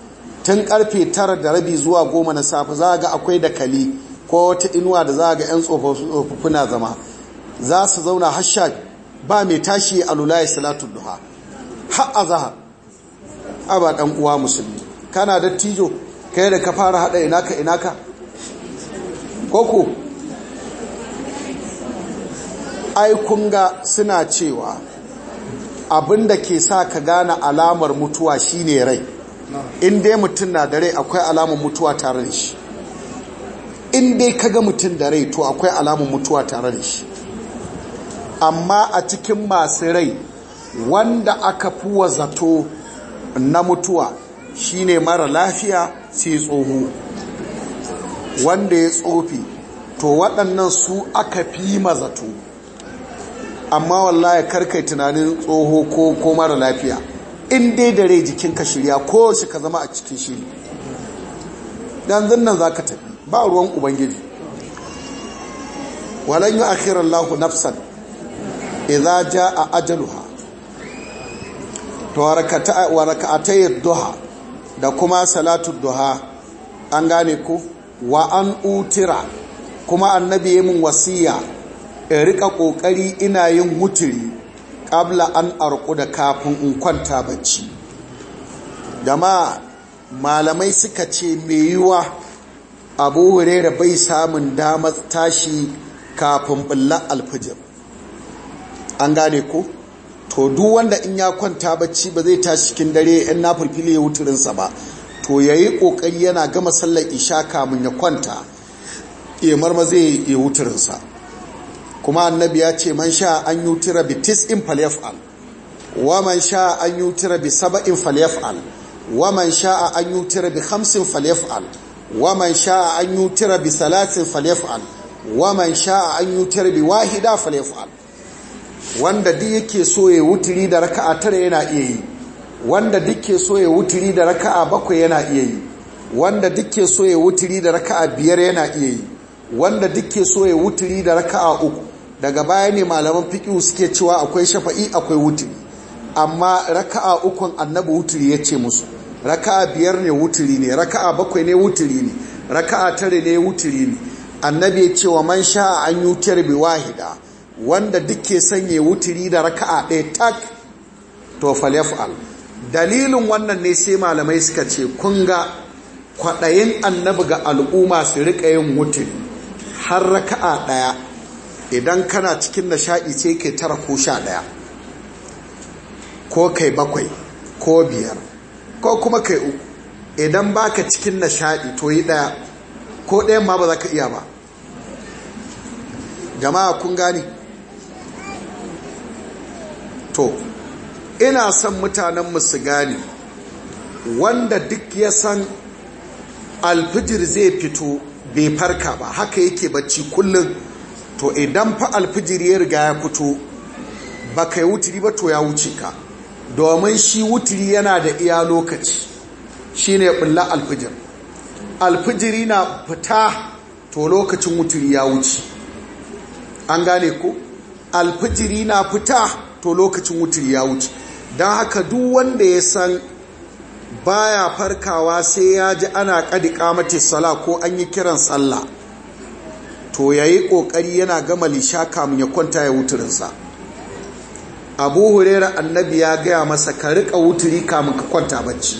tun karfe tara da rabi zuwa goma na safe za ga akwai da kali ko wata inuwa da za ga 'yan tsofaffin na zama za su zauna hasha ba mai tashi a lulaye salatu duha ha'a za a ba ɗan uwa musulmi kana dattijo kai da ka fara haɗa inaka inaka koko ai kunga suna cewa abinda ke sa ka gane alamar mutuwa shine rai in dai mutum na da rai akwai alamar mutuwa tare da shi in dai kaga mutum da rai to akwai alamar mutuwa tare da shi amma a cikin masu rai wanda aka fuwa zato na mutuwa shine mara lafiya sai tsoho wanda ya tsofi to waɗannan su aka fi mazato amma wallahi karkai tunanin tsoho ko ko mara lafiya in dai da rai jikinka shirya ko shi ka zama a cikin shiri nan za ka tafi ba ruwan ubangiji walan yu akhirar lahu nafsan idza jaa ajaluha to rakatay duha da kuma salatu duha an gane ku wa an utira kuma annabi ya mun wasiya in rika kokari ina yin wuturi kabla an arku da kafin in kwanta bacci jama'a malamai suka ce me yiwa abu hurera bai samun damar tashi kafin bulla alfijir an gane ko to duk wanda in ya kwanta bacci ba zai tashi cikin dare yan na furfile ya wuturinsa ba to ya yi ƙoƙari yana gama sallar isha kamun ya kwanta ya marmaze ya wuturinsa kuma annabi ya ce man sha an yi tira bi in falyaf'al wa man sha an yi tira bi in falyaf'al wa man sha an yi tira bi hamsin falyaf'al wa man sha an yi tira bi salatin falyaf'al wa man sha an yi tira bi wahida falyaf'al wanda duk yake so ya wuturi da raka'a tara yana iya yi wanda duk ke so ya wuturi da raka'a bakwai yana iya yi wanda duk ke so ya wuturi da raka'a biyar yana iya yi wanda duk ke so ya wuturi da raka'a uku daga baya ne malaman fiqh suke cewa akwai shafa'i akwai wuturi amma raka'a ukun annabi wuturi yace musu raka'a biyar ne wuturi ne raka'a bakwai ne wuturi ne raka'a tare ne wuturi ne annabi ya ce wa man sha'a an yutar bi wahida wanda duke sanye wuturi da raka'a ɗaya tak to falyaf'al dalilin wannan ne sai malamai suka ce kun ga kwaɗayin annabi ga al'umma su riƙa yin wuturi har raka'a ɗaya idan kana cikin sha'i ce ke tara ko sha ɗaya ko kai bakwai ko biyar ko kuma kai uku idan baka cikin sha'i to yi ɗaya ko ɗayan ma ba za ka iya ba jama'a kun gani to ina son mutanen su gane wanda duk ya san alfijir zai fito bai farka ba haka yake bacci kullum to idan fa alfijir ya riga ya fito ba ka wuturi ba to ya wuce ka domin shi wuturi yana da iya lokaci shi ne bulla alfijir alfijiri na fita to lokacin wuturi ya wuce an gane ko alfijiri na fita to lokacin wuturi ya wuce don haka duk wanda ya san baya farkawa sai ya ji ana kadi kamati sala ko an yi kiran sallah to ya yi kokari yana gama lisha kamun ya kwanta ya wuturinsa abu hurera annabi ya gaya masa ka rika wuturi kamun ka kwanta bacci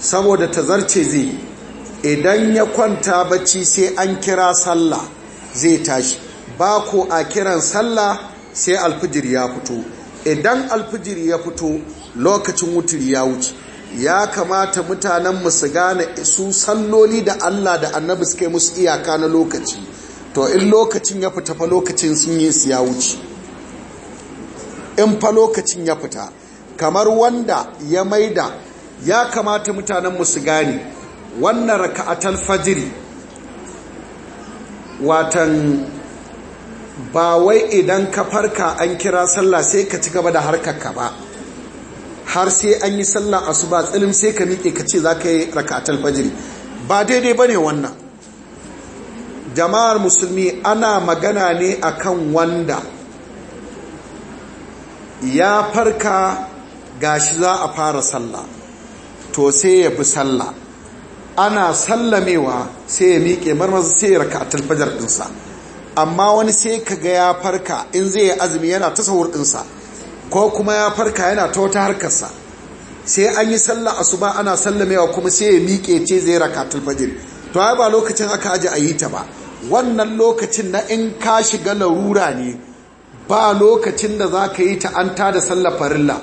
saboda ta zarce zai idan ya kwanta bacci sai an kira sallah zai tashi ba ko a kiran sallah sai alfijir ya fito idan alfijiri ya fito lokacin wuturi ya wuce ya kamata mutanen su gane su salloli da Allah da annabi suka musu iyaka na lokaci to in lokacin ya fita fa lokacin sun yi su ya wuce in fa lokacin ya fita kamar wanda ya maida ya kamata mutanen su gane wannan raka'atul fajiri watan ba wai idan ka farka an kira sallah sai ka ci gaba da harkarka ba har sai an yi sallah ba tsilin sai ka miƙe ka ce za ka yi rakatar fajiri ba daidai ba ne wannan jama'ar musulmi ana magana ne akan wanda ya farka gashi za a fara sallah to sai ya bi sallah ana sallamewa sai ya miƙe marmasa sai ya rakatul fajar ɗinsa amma wani sai ka ga ya farka in zai yi azumi yana ta sahur ɗinsa ko kuma ya farka yana ta wata harkarsa sai an yi sallah asuba ana sallamewa kuma sai ya miƙe ce zai raka tulfajin to ai ba lokacin aka aji a yi ta ba wannan lokacin na in ka shiga larura ne ba lokacin da za ka yi ta an ta da sallar farilla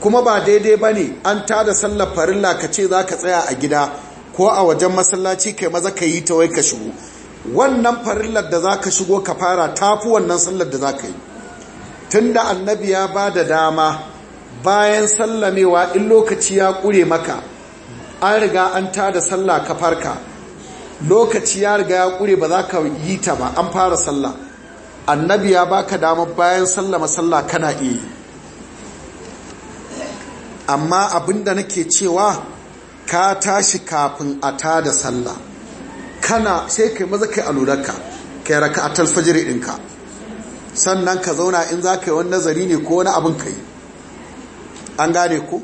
kuma ba daidai ba ne an ta da sallar farilla ka ce za ka tsaya a gida ko a wajen masallaci kai maza ka yi ta wai ka shigo wannan farillar da za ka shigo ka fara tafi wannan sallar da za ka yi tunda annabi ya ba da dama bayan sallamewa in lokaci ya ƙure maka an riga an tada sallah ka farka lokaci ya riga ya ƙure ba za ka yi ta ba an fara sallah annabi ya ka dama bayan sallama sallah kana iya amma abinda nake cewa ka tashi kafin a tada sallah kana sai kai maza kai alularka kai a fajr ɗinka sannan ka zauna in za ka yi wani nazari ne ko wani abin ka yi an gane ku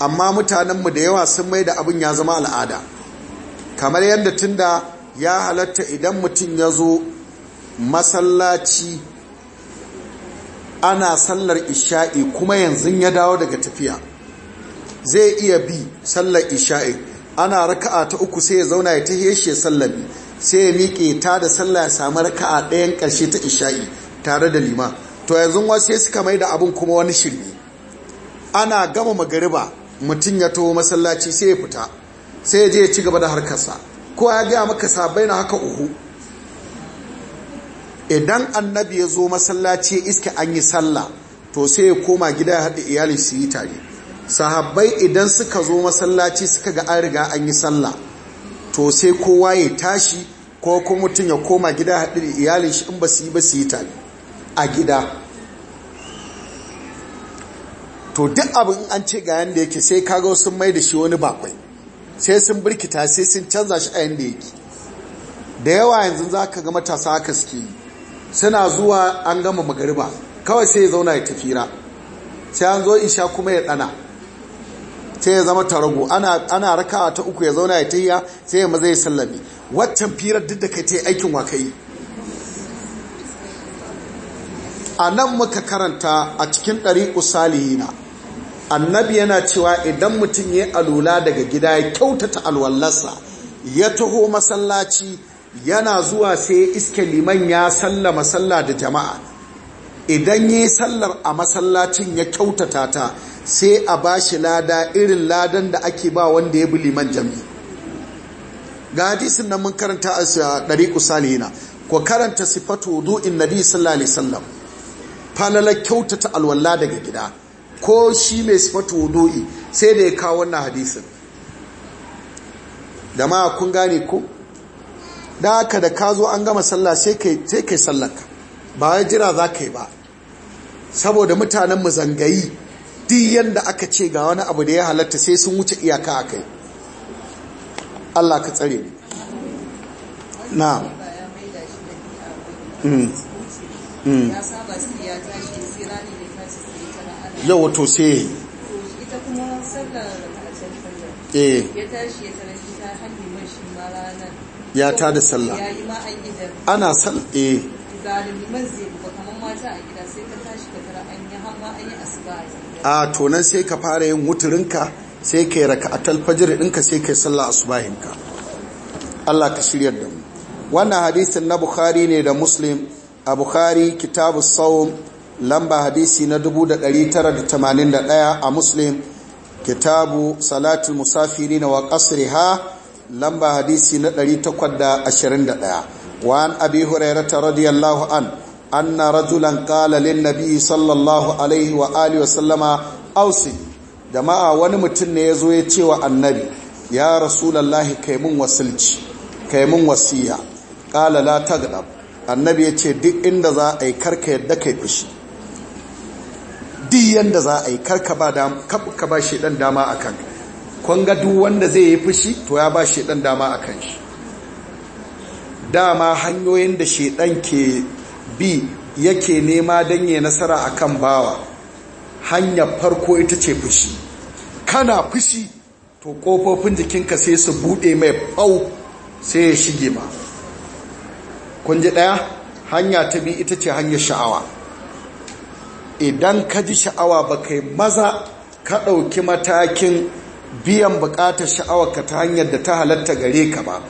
amma mutanenmu da yawa sun mai da abin ya zama al'ada kamar yadda tun da ya halatta idan mutum ya zo masallaci ana sallar isha'i kuma yanzu ya dawo daga tafiya zai iya bi sallar isha'i ana raka'a ta uku sai ya zauna ya tahiyar shi sallami sai ya miƙe ta da sallah ya samu raka'a ɗayan ƙarshe ta isha'i tare da lima to yanzu wasu sai suka mai da abin kuma wani shirme ana gama magariba mutum ya taho masallaci sai ya fita sai ya je ya ci gaba da harkarsa ko ya gaya maka sabai na haka uhu idan annabi ya zo masallaci iska an yi sallah to sai ya koma gida ya haɗa iyali su yi tare sahabbai idan suka zo masallaci suka ga an riga an yi sallah to sai kowa ya tashi ko kuma mutum ya koma gida haɗu da iyalin shi in ba su yi ba su yi tare a gida to duk abin an ce ga yanda yake sai kaga sun mai da shi wani bakwai sai sun birkita sai sun canza shi a yanda yake da yawa yanzu za ka ga matasa haka suke yi suna zuwa an gama magariba kawai sai ya zauna ya tafira sai an zo isha kuma ya tsana. sai ya zama tarago ana ana ta uku ya zauna ya tahiya sai ya mazai sallami waccan firar duk da kai ta yi aikin wa kai a nan muka karanta a cikin ɗari usalihina annabi yana cewa idan mutum ya alula daga gida ya kyautata alwallarsa ya taho masallaci yana zuwa sai iske liman ya sallama sallah da jama'a idan yi sallar a masallacin ya kyautata ta sai a ba shi lada irin ladan da ake ba wanda ya bi liman jami ga hadisin nan mun karanta a ɗari kusalina ko karanta sifatu wudu'in nabi sallallahu alaihi wasallam falala kyautata alwala daga gida ko shi mai sifatu wudu'i sai da ya kawo wannan hadisin ma kun gane ko da aka da ka zo an gama sallah sai kai sai kai ba ya jira za ka yi ba saboda mutanen mu zangayi duk yadda aka ce ga wani abu da ya halatta sai sun wuce iyaka a kai Allah ka tsare ne na hmm. hmm. yau wato sai ya ta da sallah ana sallah eh. a tonan sai ka fara yin wuturinka sai ka yi raka a to nan sai ka fara yin wuturinka sai kai ɗinka sai sallah asubahinka Allah ka shirya da mu wannan hadisin na Bukhari ne da Muslim a Bukhari kitabu sau lamba hadisi na 1981 a Muslim kitabu salatul na wa ha lamba hadisi na 821 وعن أبي هريرة رضي الله عنه أن رجلا قال للنبي ausi jama'a wani mutum ne أوصي جماعة ونمتن يزويتي وأنبي يا رسول الله كيمون وسلتي كيمون وسيا قال لا تغلب annabi ya ce duk inda za a yi karka yadda kai fushi duk yadda za a karka ba ka ba shi dan dama akan kun wanda zai yi fushi to ya ba shi dan dama akan shi dama hanyoyin da shedan ke bi yake nema don yi nasara akan bawa hanya farko ita ce fushi kana fushi to kofofin jikinka sai su bude mai bau sai ya shige ma kunji ji daya hanya ta bi ita ce hanyar sha'awa idan ka ji sha'awa ba kai maza ka ɗauki matakin biyan bukatar ka ta hanyar da ta halatta gare ka ba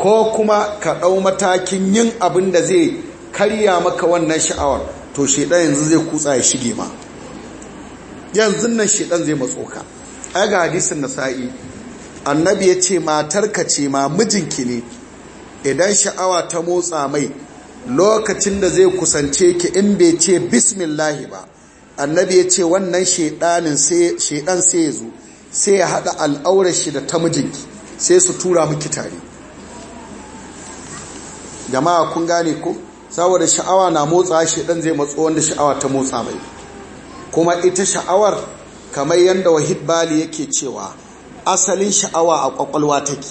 ko kuma ka ɗau matakin yin abin da zai karya maka wannan sha'awar to shaidan yanzu zai kutsa ya shige ma yanzu nan shaidan zai matso ka ai ga hadisin nasa'i annabi ya ce matar ka ce ma mijinki ne idan sha'awa ta motsa mai lokacin da zai kusance ki in bai ce bismillahi ba annabi ya ce wannan shaidanin shaidan sai ya zo sai ya haɗa al'aurar shi da ta mijinki sai su tura miki tare jama'a kun gane ko saboda sha'awa na motsa shi dan zai matso wanda sha'awa ta motsa mai kuma ita sha'awar kamar yadda wahid bali yake cewa asalin sha'awa a kwakwalwa take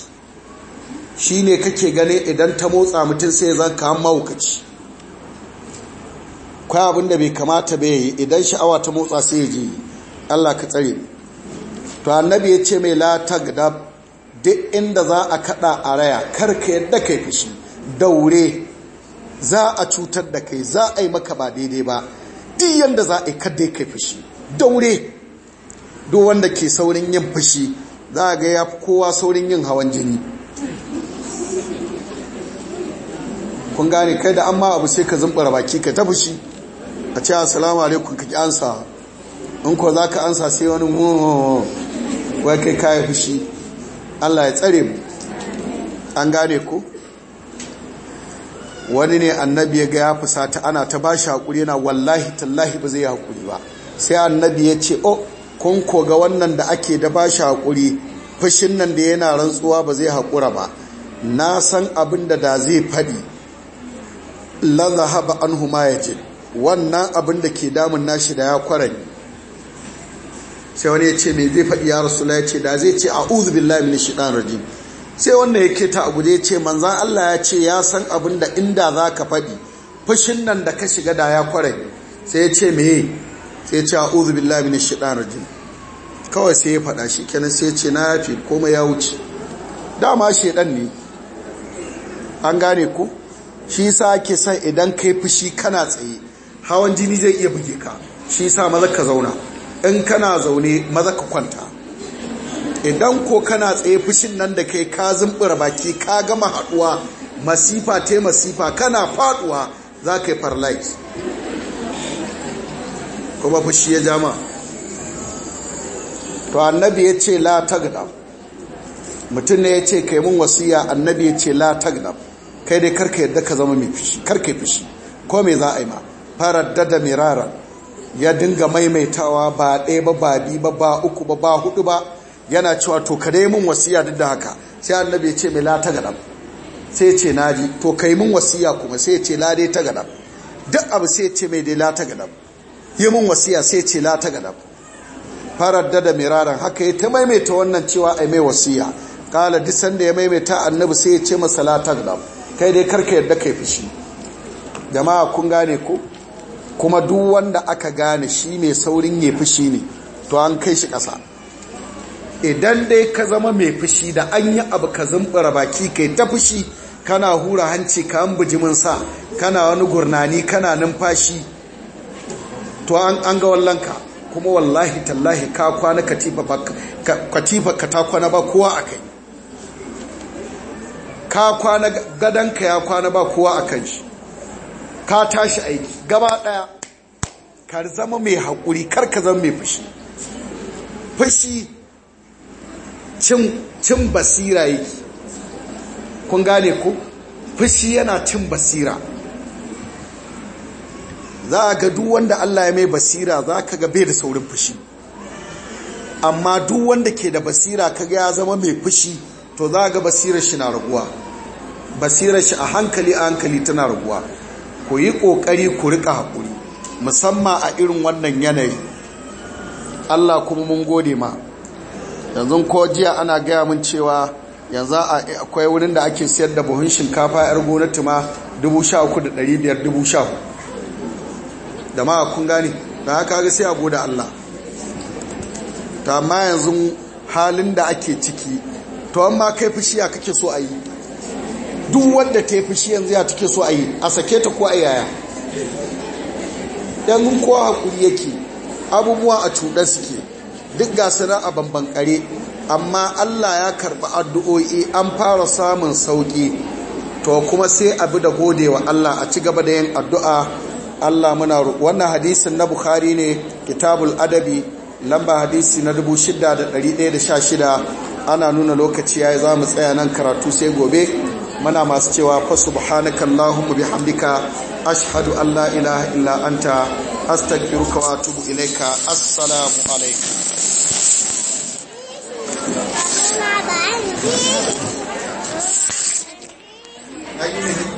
shi kake gane idan ta motsa mutum sai zan kawo mawukaci kwa abin da bai kamata bai yi idan sha'awa ta motsa sai ji Allah ka tsare to annabi ya ce mai la da duk inda za a kada a raya karka yadda kai fushi daure za a cutar da kai za a yi maka ba daidai ba duk yanda za a yi kada kai fushi daure duk wanda ke saurin yin fushi za a ga ya fi kowa saurin yin hawan jini kun gane kai da an ma abu sai ka zumbara baki ka ta fushi a ce 'asalamu alaikum ka ki ansa in ko za ka ansa sai wani wai kai kayi fushi allah ya tsare mu an gane ku wani ne annabi ya ga ya fusata ana ta bashi hakuri yana wallahi tallahi ba zai hakuri ba sai annabi ya ce oh kun koga wannan da ake da bashi hakuri fushin nan da yana rantsuwa ba zai hakura ba na san abin da da zai faɗi la an huma ya yajid wannan abin da ke damun nashi da ya kwarani sai wani ya ce me zai faɗi ya rasula ya ce da zai ce a a'udhu billahi shi ɗan rajim sai wanda ya ta a guje ce manzan Allah ya ce ya san abin da inda za ka faɗi fushin nan da ka shiga da ya kware sai ya ce meye sai ya ce a uzu billahi min na jini kawai sai ya faɗa shi kenan sai ya ce na yafi koma ya wuce dama ɗan ne an gane ku shi sa ke son idan kai fushi kana tsaye hawan jini zai iya buge ka shi sa maza ka zauna in kana zaune maza ka kwanta idan ko kana tsaye fushin nan da kai ka zumbura baki ka gama haduwa masifa te masifa kana faduwa za ka yi paralyze kuma fushi ya jama to annabi ya ce la tagda mutum ne ya ce kai mun wasiya annabi ya ce la tagda kai dai karka yadda ka zama mai fushi karka fushi ko me za a yi ma dada mirara ya dinga maimaitawa ba ɗaya ba ba biyu ba ba uku ba ba hudu ba yana cewa to ka dai mun wasiya duk da haka sai annabi ya ce mai la ta gadam sai ya ce naji to kai mun wasiya kuma sai ya ce la dai ta gadam duk abu sai ya ce mai dai la ta gadam yi mun wasiya sai ya ce la ta gadam farar da da miraran haka ya ta maimaita wannan cewa ai mai wasiya kala duk sanda ya maimaita annabi sai ya ce masa la ta gadam kai dai karka ka kai fushi jama'a kun gane ko kuma duk wanda aka gane shi mai saurin ya fushi ne to an kai shi ƙasa idan dai ka zama mai fushi da an yi abu ka zumbura baki kai ta fushi kana hura hanci ka an bujimin sa kana wani gurnani kana numfashi to an ga wallanka kuma wallahi tallahi ka kwana katifa ka ta kwana ba kowa a kai ka kwana gadonka ya kwana ba kowa a kan shi ka tashi aiki gaba daya ka zama mai haƙuri kar ka zama mai fushi fushi cin basira yake kun gane ku fushi yana cin basira za a ga duk wanda Allah ya mai basira za ka ga bai da saurin fushi amma duk wanda ke da basira kaga ya zama mai fushi to za ga basirar shi na raguwa basirar shi a hankali a hankali tana raguwa ku yi ƙoƙari ku rika haƙuri musamman a irin wannan yanayi Allah kuma mun gode ma yanzu ko jiya ana gaya mun cewa yanzu akwai wurin da ake siyar da buhun shinkafa yar gwamnati ma 13,500 da ma kun gani da haka ga sai a goda Allah ta ma yanzu halin da ake ciki to amma kai fushi kake so a duk wanda ta yi fushi yanzu ya take so a yi a sake ta ko a yaya yanzu kowa hakuri yake abubuwa a cuɗa suke duk ga suna a kare amma Allah ya karɓi addu'o'i an fara samun sauƙi to kuma sai abu da gode wa Allah a ci gaba da yin addu'a Allah muna wannan hadisin na Bukhari ne kitabul adabi lamba hadisi na 6116 ana nuna lokaci yayi za mu tsaya nan karatu sai gobe muna masu cewa fa subhanaka allahumma bihamdika ashhadu an la ilaha illa anta astaghfiruka wa atubu ilaika assalamu alaikum Are you